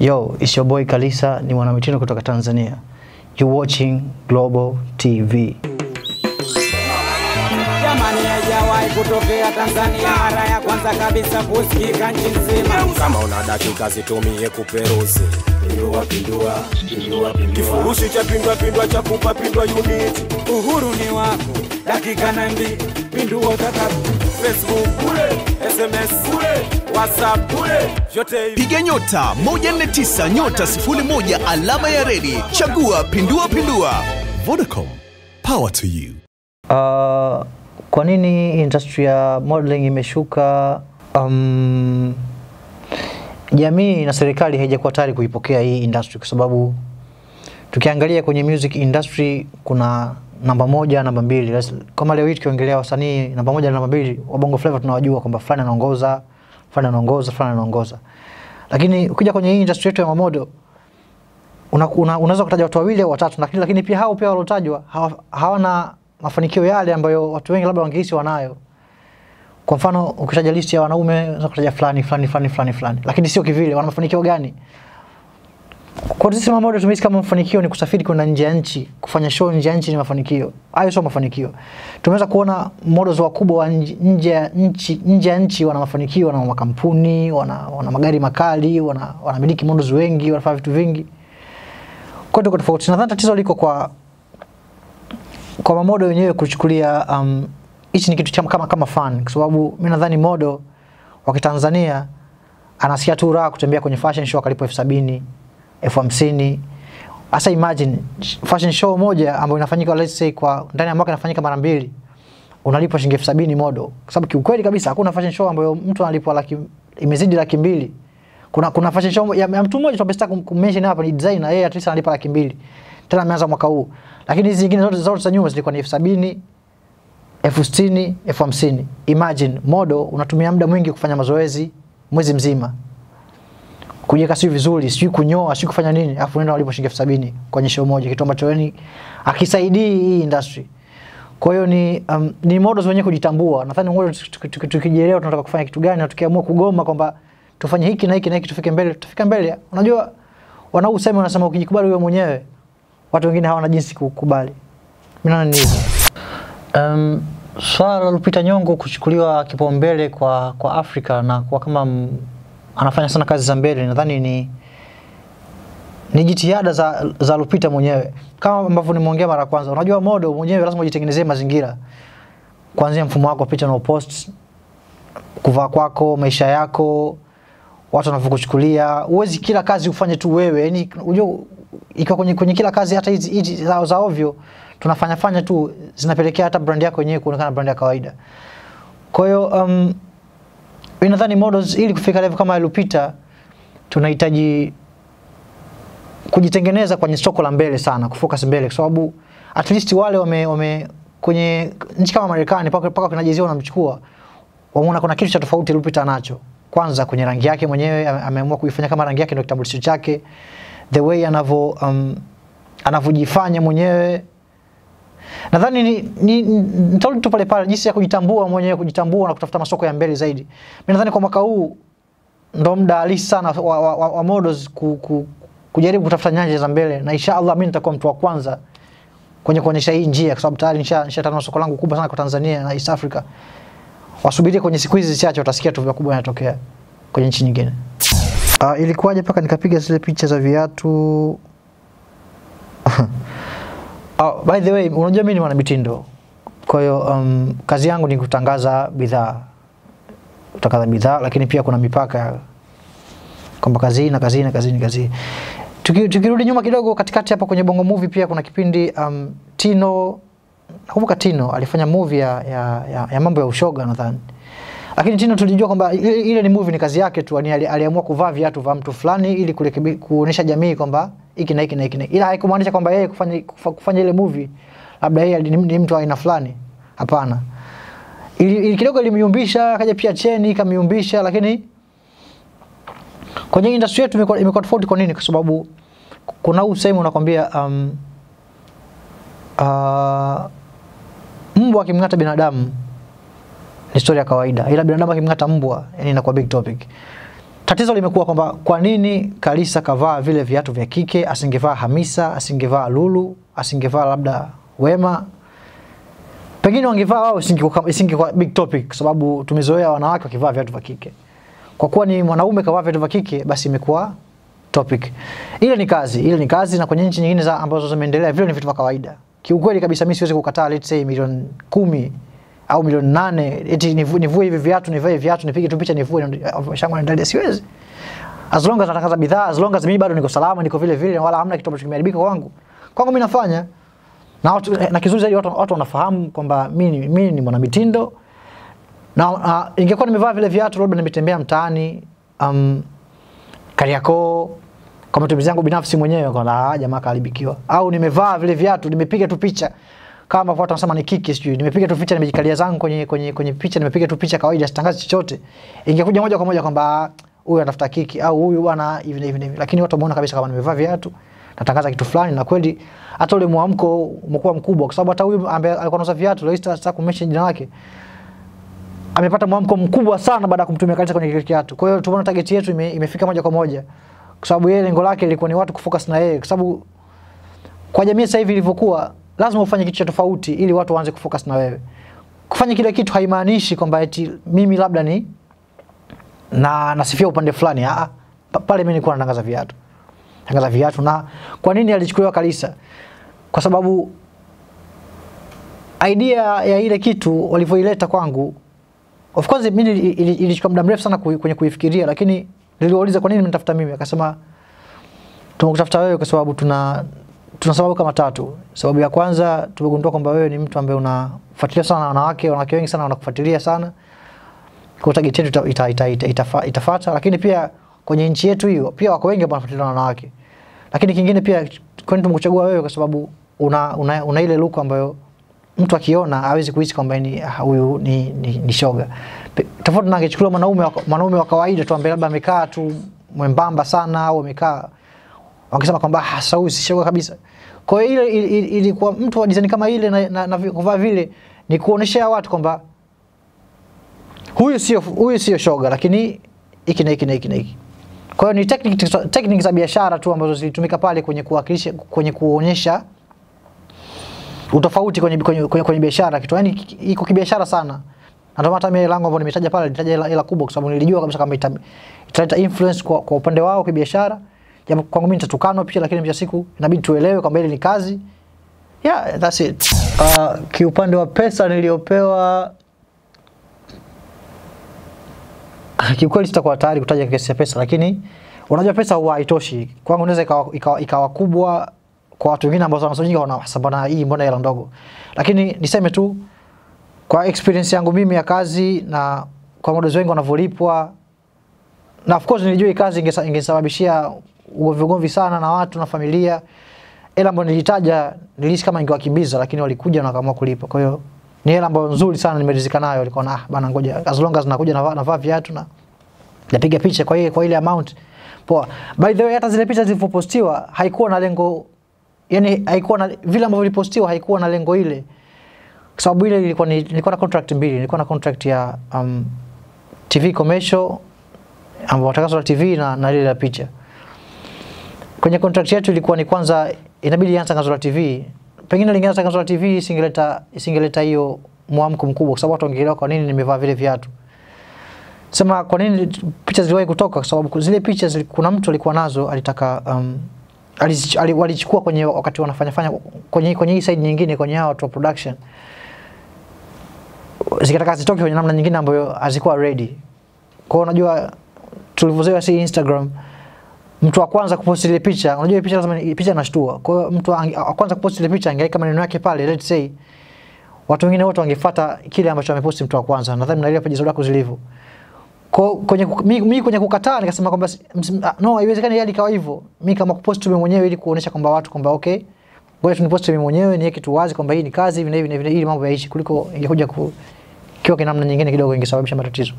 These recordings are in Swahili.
Yo, it's your boy Kalisa, ni mwanamitindo kutoka Tanzania. You watching Global TV. Jamani, hajawahi kutokea Tanzania mara ya kwanza kabisa kusikika nchi nzima. Kama una dakika zitumie kuperuzi pindua pindua pindua pindua, kifurushi cha pindua pindua cha kupa pindua unit. Uhuru ni wako, dakika na mbili. Pindua WhatsApp, Facebook kule, SMS kule WhatsApp kule vyote hivi. Piga nyota 149 nyota 01 alama ya redi, chagua pindua pindua. Vodacom, power to you. Uh, kwa nini industry ya modeling imeshuka? Um, jamii na serikali haijakuwa tayari kuipokea hii industry, kwa sababu tukiangalia kwenye music industry kuna namba moja, namba mbili. Kama leo hii tukiongelea wasanii namba moja na namba mbili wa Bongo Flava tunawajua kwamba fulani anaongoza, fulani anaongoza, fulani anaongoza, lakini ukija kwenye hii industry yetu ya mamodo unaweza una, una, kutaja watu wawili au watatu, lakini, lakini pia hao pia waliotajwa hawana mafanikio yale ambayo watu wengi labda wangehisi wanayo. Kwa mfano ukishaja listi ya wanaume unakutaja fulani fulani fulani fulani fulani, lakini sio kivile, wana mafanikio gani? Kwa sisi mama wote tumehisi kama mafanikio ni kusafiri kwenda nje ya nchi, kufanya show nje ya nchi ni mafanikio. Hayo sio mafanikio. Tumeweza kuona models wakubwa wa nje ya nchi, nje ya nchi wana mafanikio, wana makampuni, wana, wana magari makali, wana wanamiliki models wengi, wanafanya vitu vingi. Kwa hiyo tofauti. Nadhani tatizo liko kwa kwa mamodo wenyewe kuchukulia um, hichi ni kitu cha kama kama fan, kwa sababu mimi nadhani modo wa Kitanzania anasikia tu raha kutembea kwenye fashion show akalipo elfu sabini elfu hamsini Hasa imagine fashion show moja ambayo inafanyika let's say kwa ndani ya mwaka inafanyika mara mbili, unalipwa shilingi elfu sabini modo, kwa sababu kiukweli kabisa hakuna fashion show ambayo mtu analipwa laki imezidi laki mbili. Kuna kuna fashion show ya, ya mtu mmoja tumepesta kummention hapa ni designer, yeye at least analipa laki mbili tena ameanza mwaka huu, lakini hizi nyingine zote zote za nyuma zilikuwa ni elfu sabini elfu sitini elfu hamsini imagine modo unatumia muda mwingi kufanya mazoezi mwezi mzima kujeka sio vizuri sio kunyoa sio kufanya nini afu nenda walipo shilingi elfu sabini kwenye show moja kitu ambacho yani akisaidii hii industry kwa hiyo ni, um, ni modo zenyewe kujitambua. Nadhani ngoja tukijielewa tunataka kufanya kitu gani na tukiamua kugoma kwamba tufanye hiki na hiki na hiki tufike mbele, tufike mbele. Unajua wanausema wanasema ukijikubali wewe mwenyewe, watu wengine hawana jinsi kukubali. Mimi naona ni hivyo. Um, swala la Lupita Nyong'o kuchukuliwa kipaumbele kwa, kwa Afrika na kwa kama m, anafanya sana kazi za mbele, nadhani ni ni jitihada za, za Lupita mwenyewe kama ambavyo nimeongea mara kwanza. Unajua modo mwenyewe lazima ujitengenezee mazingira, kuanzia mfumo wako wa picha na post, kuvaa kwako, maisha yako, watu wanavyokuchukulia. Uwezi kila kazi ufanye tu wewe, yani unajua ikiwa kwenye, kwenye kila kazi hata hizi za ovyo tunafanya fanya tu zinapelekea hata brand yako yenyewe kuonekana brand ya kawaida. Kwa hiyo um, nadhani models ili kufika level kama iliyopita tunahitaji kujitengeneza kwenye soko la mbele sana, kufocus mbele kwa sababu at least wale wame, wame kwenye nchi kama Marekani paka paka kuna jezi wanamchukua wameona kuna kitu cha tofauti iliyopita nacho. Kwanza kwenye rangi yake mwenyewe ameamua kuifanya kama rangi yake ndio kitambulisho chake, the way anavyo um, anavyojifanya mwenyewe Nadhani ni, ni, nitarudi tu pale pale jinsi ya kujitambua mwenyewe, kujitambua na kutafuta masoko ya mbele zaidi. Mimi nadhani kwa mwaka huu ndo muda halisi sana wa, wa, wa, wa models ku, ku, kujaribu kutafuta nyanja za mbele, na insha Allah mimi nitakuwa mtu wa kwanza kwenye kuonyesha hii njia, kwa sababu tayari nishatanua soko langu kubwa sana kwa Tanzania na East Africa. Wasubirie kwenye siku hizi zichache, utasikia tu vikubwa yanatokea kwenye nchi nyingine. Uh, ilikuwaje mpaka nikapiga zile picha za viatu Oh, by the way, unajua mimi ni mwanamitindo. Kwa hiyo um, kazi yangu ni kutangaza bidhaa. Kutangaza bidhaa lakini pia kuna mipaka kwamba kazi na kazi na kazi na kazi. tukirudi nyuma kidogo katikati hapa kwenye Bongo Movie pia kuna kipindi um, Tino nakumbuka Tino alifanya movie ya, ya, ya, ya mambo ya ushoga nadhani. Lakini Tino tulijua kwamba ile, ni movie ni kazi yake tu, aliamua kuvaa viatu vya mtu fulani ili kuonesha jamii kwamba hiki na hiki na hiki, ila haikumaanisha kwamba yeye kufanya, kufanya ile movie labda yeye ni mtu aina fulani. Hapana, ili, ili kidogo ilimyumbisha, akaja pia cheni kamyumbisha lakini kwenye industry yetu imekuwa tofauti. Kwa nini? Kwa sababu kuna sehemu unakwambia um, uh, mbwa akimng'ata binadamu ni story ya kawaida, ila binadamu akimng'ata mbwa, yani inakuwa big topic. Tatizo limekuwa kwamba kwa nini Kalisa kavaa vile viatu vya kike, asingevaa Hamisa, asingevaa Lulu, asingevaa labda Wema. Pengine wangevaa wao, isingekuwa isinge big topic, kwa sababu tumezoea wanawake wakivaa viatu vya kike. Kwa kuwa ni mwanaume kavaa viatu vya kike, basi imekuwa topic. Ile ni kazi, ile ni kazi, na kwenye nchi nyingine za ambazo zimeendelea vile ni vitu vya kawaida. Kiukweli kabisa, mimi siwezi kukataa, let's say milioni kumi au milioni nane eti nivue, hivi viatu nivae viatu nipige tu picha nivue shangu ndani, siwezi. As long as natangaza bidhaa, as long as mimi bado niko salama, niko vile vile, wala hamna kitu ambacho kimeharibika kwangu, kwangu mimi nafanya na, watu, eh, na kizuri zaidi watu, watu wanafahamu kwamba mimi mimi ni mwanamitindo na uh, ingekuwa nimevaa vile viatu labda nimetembea mtaani um, Kariakoo kwa matumizi yangu binafsi mwenyewe, kwa la ah, jamaa kaharibikiwa, au nimevaa vile viatu nimepiga tu picha kama watu wanasema ni kiki, sijui nimepiga tu picha, nimejikalia zangu kwenye, kwenye, kwenye picha, nimepiga tu picha kawaida, sitangazi chochote, ingekuja moja kwa moja kwamba ah, huyu anatafuta kiki au huyu bwana hivi hivi hivi, lakini watu wameona kabisa kama nimevaa viatu natangaza kitu fulani, na kweli hata ule mwamko umekuwa mkubwa, kwa sababu hata huyu ambaye alikuwa anauza viatu leo sasa kumesha jina lake amepata mwamko mkubwa sana baada ya kumtumia kanisa kwenye kile kiatu. Kwa hiyo tumeona target yetu ime, imefika moja kwa moja, kwa sababu yeye lengo lake lilikuwa ni watu kufocus na yeye, kwa sababu kwa jamii sasa hivi ilivyokuwa lazima ufanye kitu cha tofauti ili watu waanze kufocus na wewe. Kufanya kile kitu haimaanishi kwamba eti mimi labda ni na nasifia upande fulani. Ah, pale mimi nilikuwa natangaza viatu. Tangaza viatu na kwa nini alichukuliwa Kalisa? Kwa sababu idea ya ile kitu walivyoileta kwangu of course mimi ilichukua muda mrefu sana kwenye kuifikiria, lakini niliwauliza kwa nini mnitafuta mimi, akasema tumekutafuta wewe kwa sababu tuna tuna sababu kama tatu. Sababu ya kwanza tumegundua kwamba wewe ni mtu ambaye unafuatilia sana wanawake, wanawake wengi sana wanakufuatilia sana, kwa target yetu ita, ita, ita, ita, itafata. Lakini pia kwenye nchi yetu hiyo pia wako wengi ambao wanafuatilia wanawake, lakini kingine pia kwani tumekuchagua wewe kwa sababu una, una, una ile luku ambayo mtu akiona hawezi kuhisi kwamba ni huyu ni, ni, ni shoga, tofauti na angechukuliwa mwanaume mwanaume wa kawaida tu ambaye labda amekaa tu mwembamba sana au amekaa wakisema kwamba ah, sausi shoga kabisa. Kwa hiyo ile ilikuwa ili, mtu wa design kama ile na, na, na kuvaa vile ni kuonesha watu kwamba huyu sio huyu sio shoga, lakini hiki na hiki na hiki na hiki. Kwa hiyo ni technique technique za biashara tu ambazo zilitumika pale kwenye kuwakilisha kwenye kuonyesha utofauti kwenye, kwenye, kwenye, kwenye biashara kitu yani iko kibiashara sana ndio hata mimi lango ambao nimetaja pale nitaja hela kubwa kwa sababu nilijua kabisa kama italeta influence kwa, kwa upande wao kibiashara kwangu mimi nitatukanwa pia, lakini mwisho siku inabidi tuelewe kwamba ile ni kazi. Yeah, that's it. Uh, kiupande wa pesa niliyopewa ah, kiukweli sitakuwa tayari kutaja kesi ya pesa, lakini unajua pesa huwa haitoshi. Kwangu inaweza ikawa, ikawa, ikawa kubwa kwa watu wengine ambao wanasonyika wanasabana hii mbona hela ndogo, lakini niseme tu kwa experience yangu mimi ya kazi na kwa modozi wengi wanavyolipwa, na of course nilijua hii kazi ingesababishia uwe vigomvi sana na watu na familia. Hela ambayo nilitaja nilihisi kama ingewakimbiza, lakini walikuja na wakaamua kulipa. Kwa hiyo ni hela ambayo nzuri sana, nimeridhika nayo. Walikuwa na ah, bana, ngoja as long as nakuja na na navaa viatu na napiga picha kwa hiyo kwa ile amount poa. By the way, hata zile picha zilipopostiwa haikuwa na lengo, yani haikuwa na vile ambavyo vilipostiwa haikuwa na lengo ile, kwa sababu ile ilikuwa ni, nilikuwa na contract mbili, nilikuwa na contract ya um, TV commercial ambayo matangazo la TV na, na ile ya picha kwenye contract yetu ilikuwa ni kwanza inabidi ianze tangazo la TV. Pengine lingeanza tangazo la TV isingeleta isingeleta hiyo mwamko mkubwa, kwa sababu watu wangeelewa kwa nini nimevaa vile viatu. Sema kwa nini picha ziliwahi kutoka, kwa sababu zile picha kuna mtu alikuwa nazo alitaka um, walichukua kwenye wakati wanafanya fanya kwenye kwenye hii side nyingine kwenye hao watu production zikataka zitoke kwenye namna nyingine ambayo hazikuwa ready. Kwa hiyo unajua tulivyozoea si Instagram mtu wa kwanza kuposti ile picha, unajua picha lazima picha inashtua. Kwa hiyo mtu wa kwanza kuposti ile picha angeweka maneno yake pale, let's say watu wengine wote wangefuata kile ambacho ameposti mtu wa kwanza. Nadhani mnaelewa peji zako zilivyo. Kwa kwenye mimi mi kwenye kukataa nikasema kwamba ah, no, haiwezekani hali ikawa hivyo. Mimi kama kuposti mimi mwenyewe ili kuonesha kwamba watu kwamba okay, ngoja tu niposti mimi mwenyewe niweke kitu wazi kwamba hii ni kazi hivi na hivi na hivi, ili mambo yaishi, kuliko ingekuja ku kiwa namna nyingine kidogo ingesababisha matatizo.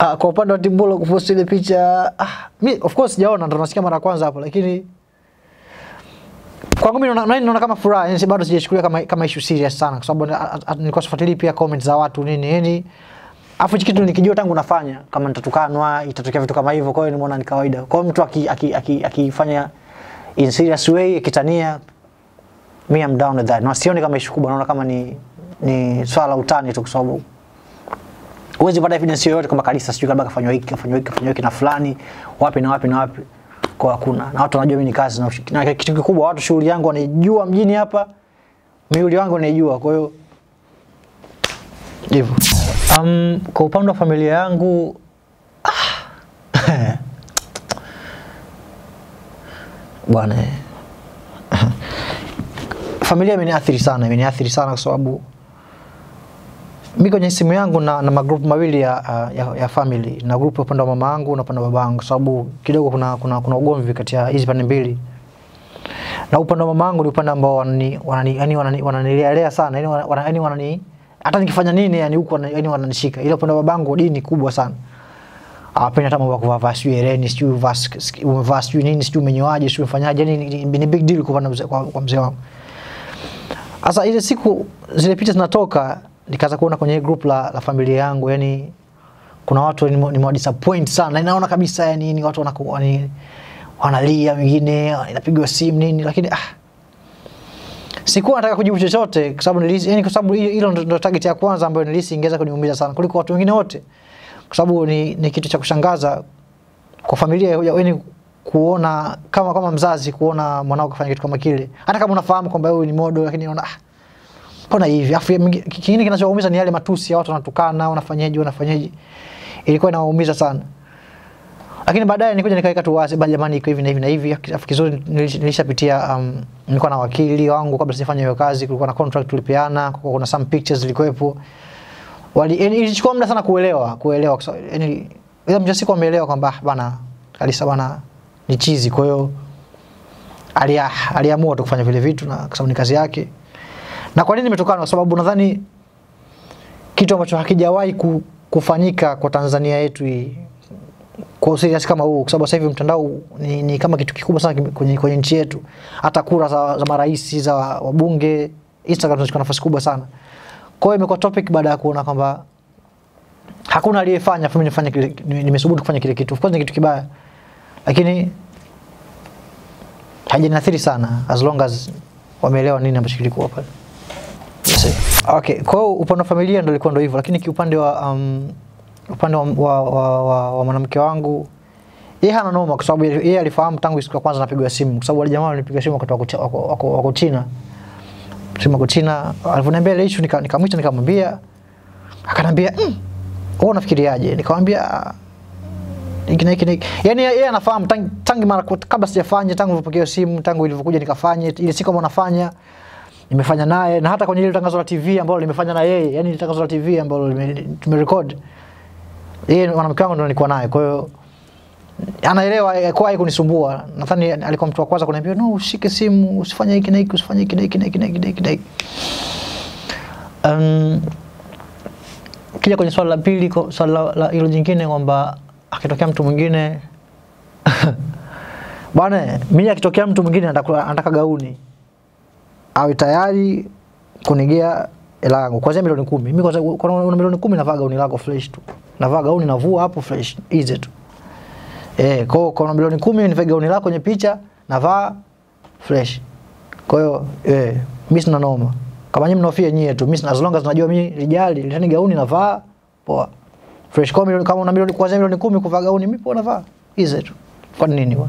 Uh, kwa upande wa Tibula kuposti ile picha ah, mi of course sijaona, ndo nasikia mara kwanza hapo, lakini kwa mimi naona naona na kama furaha, yani bado sijachukulia kama kama issue serious sana, kwa sababu nilikuwa sifuatili pia comments za watu nini yani afu hiki kitu nikijua tangu nafanya kama nitatukanwa, itatokea vitu kama hivyo, kwa hiyo nimeona ni kawaida. Kwa mtu akifanya aki, aki, aki, in serious way akitania, mimi am down with that, na sioni kama issue kubwa, naona kama ni ni swala utani tu, kwa sababu Huwezi kupata evidence yoyote kwamba kanisa sijui labda kafanywa hiki kafanywa hiki kafanywa hiki na fulani wapi na wapi na wapi, kwa hakuna na watu wanajua mimi ni kazi na, na kitu kikubwa watu shughuli yangu wanaijua mjini hapa, miuli wangu wanaijua, kwa hiyo hivyo. Um, kwa upande wa familia yangu ah, bwana eh, familia imeniathiri sana, imeniathiri sana kwa sababu mi kwenye simu yangu na, na magrupu mawili ya, ya, ya family na grupu upande wa mama yangu na upande wa baba yangu, sababu kidogo kuna, kuna, kuna ugomvi kati ya hizi pande mbili na upande wa mama yangu ni upande ambao wanani wanani wanani wananilea sana yani wanani, wanani hata nikifanya nini yani huko yani wananishika. Ile upande wa baba babangu dini kubwa sana hawapendi hata mambo ya kuvaa sijui hereni sijui umevaa sijui nini sijui umenyoaje sijui umefanyaje, yani ni big deal kwa, kwa, kwa mzee wangu. Sasa ile siku zile picha zinatoka nikaanza kuona kwenye group la, la familia yangu yani kuna watu nimewa disappoint sana, na naona kabisa yani ni watu wanakuwa ni wanalia, wengine inapigwa simu nini, lakini ah, sikuwa nataka kujibu chochote kwa sababu nilisi, yani kwa sababu hilo ndo target ya kwanza ambayo nilisi ingeza kuniumiza sana kuliko watu wengine wote, kwa sababu ni, ni kitu cha kushangaza kwa familia yani kuona kama kama mzazi kuona mwanao kafanya kitu kama kile, hata kama unafahamu kwamba wewe ni modo, lakini unaona ah mbona hivi? Afu kingine kinachoumiza ni yale matusi ya watu wanatukana, wanafanyaje, wanafanyaje, ilikuwa inawaumiza sana lakini baadaye nikuja nikaweka tu wazi, bali jamani, iko hivi na hivi na hivi. Afu kizuri nilishapitia, um, nilikuwa na wakili wangu kabla sijafanya hiyo kazi, kulikuwa na contract tulipeana, kulikuwa kuna some pictures zilikuwepo. Wali ilichukua muda sana kuelewa, kuelewa kwa sababu yani ila mjasi kwa ameelewa kwamba ah, bana Kalisa bana ni chizi, kwa hiyo aliamua tu kufanya vile vitu na kwa sababu ni kazi yake. Na kwa nini imetokana? Kwa sababu nadhani kitu ambacho hakijawahi kufanyika kwa Tanzania yetu hii kwa usiriasi kama huu, kwa sababu sasa hivi mtandao ni, ni kama kitu kikubwa sana kwenye, kwenye nchi yetu. Hata kura za, za marais za wabunge, Instagram zinachukua nafasi kubwa sana. Kwa hiyo imekuwa topic baada ya kuona kwamba hakuna aliyefanya, fanya nifanye nimesubutu kufanya kile kitu. Of course ni kitu kibaya, lakini hajaniathiri sana as long as wameelewa nini ambacho kilikuwa pale binafsi. Okay, kwa hiyo upande wa familia ndio ilikuwa ndio hivyo, lakini kiupande wa um, upande wa, wa, wa, wa, wa mwanamke wangu yeye hana noma, kwa sababu yeye alifahamu tangu siku ya kwanza napigwa simu, kwa sababu wale jamaa walinipiga simu wakati wa kuchina wako, wako China simu wako China. Alivyoniambia ile issue nikamwita, nika nikamwambia, akanambia mm, wewe unafikiriaje? Nikamwambia ikina ikina, yani yeye anafahamu tangu tangi mara kabla sijafanya, tangu nilipokea simu, tangu ilivyokuja nikafanya ile siku ambayo nafanya nimefanya naye na hata kwenye ile tangazo la TV ambalo nimefanya na yeye, yani ile tangazo la TV ambalo tumerecord, yeye mwanamke wangu ndo nilikuwa naye, kwa hiyo anaelewa kwa kunisumbua. Nadhani alikuwa mtu wa kwanza kuniambia no, ushike simu, usifanye hiki na hiki, usifanye hiki na hiki na hiki na hiki na hiki na hiki. Um, kija kwenye swali la pili, swali la hilo jingine kwamba akitokea mtu mwingine bwana, mimi akitokea mtu mwingine anataka gauni awe tayari kunigea hela yangu kwanza milioni kumi. Mimi kwanza kwa milioni kumi navaa gauni lako fresh tu, navaa gauni navua hapo fresh easy tu. Eh, kwa kwa una milioni kumi nivae gauni lako kwenye picha navaa fresh. Kwa hiyo eh, mimi sina noma. Kama nyinyi mnaofia nyie tu, mimi as long as najua mimi lijali, litani gauni navaa poa. Fresh kwa milioni kama una milioni kwanza milioni kumi kuvaa gauni mimi poa navaa easy tu. Kwa nini wewe?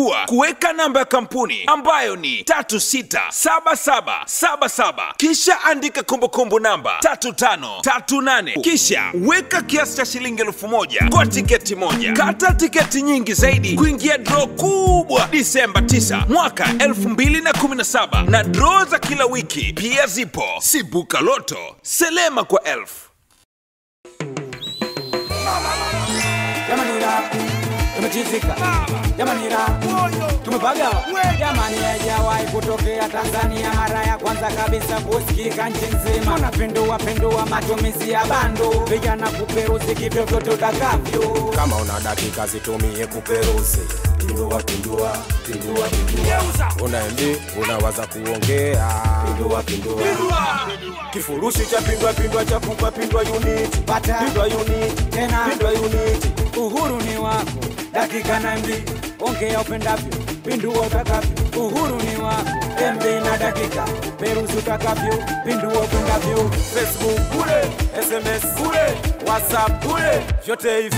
kuwa kuweka namba ya kampuni ambayo ni 367777 kisha andika kumbukumbu namba 3538 kisha weka kiasi cha shilingi 1000 kwa tiketi moja. Kata tiketi nyingi zaidi kuingia draw kubwa Disemba 9 mwaka 2017 na, dro draw za kila wiki pia zipo. Sibuka Loto, selema kwa elfu. tumechizika jamani, ra tumepaga jamani, hajawahi kutokea Tanzania, mara ya kwanza kabisa kusikika nchi nzima. Unapindua pindua matumizi ya bando, vijana kuperuzi kivyovyote utakavyo. Kama una dakika zitumie kuperuzi Pindua, Una unawaza kuongea pindua, pindua. Pindua. Kifurushi cha pindua pindua cha kupa pindua unit pata pindua unit tena pindua unit, uhuru ni wako dakika na mbili, ongea upendavyo, pindua utakavyo, uhuru ni wako. MB na dakika, peruzi utakavyo, pindua upendavyo. Facebook bure, SMS bure, WhatsApp bure, vyote hivi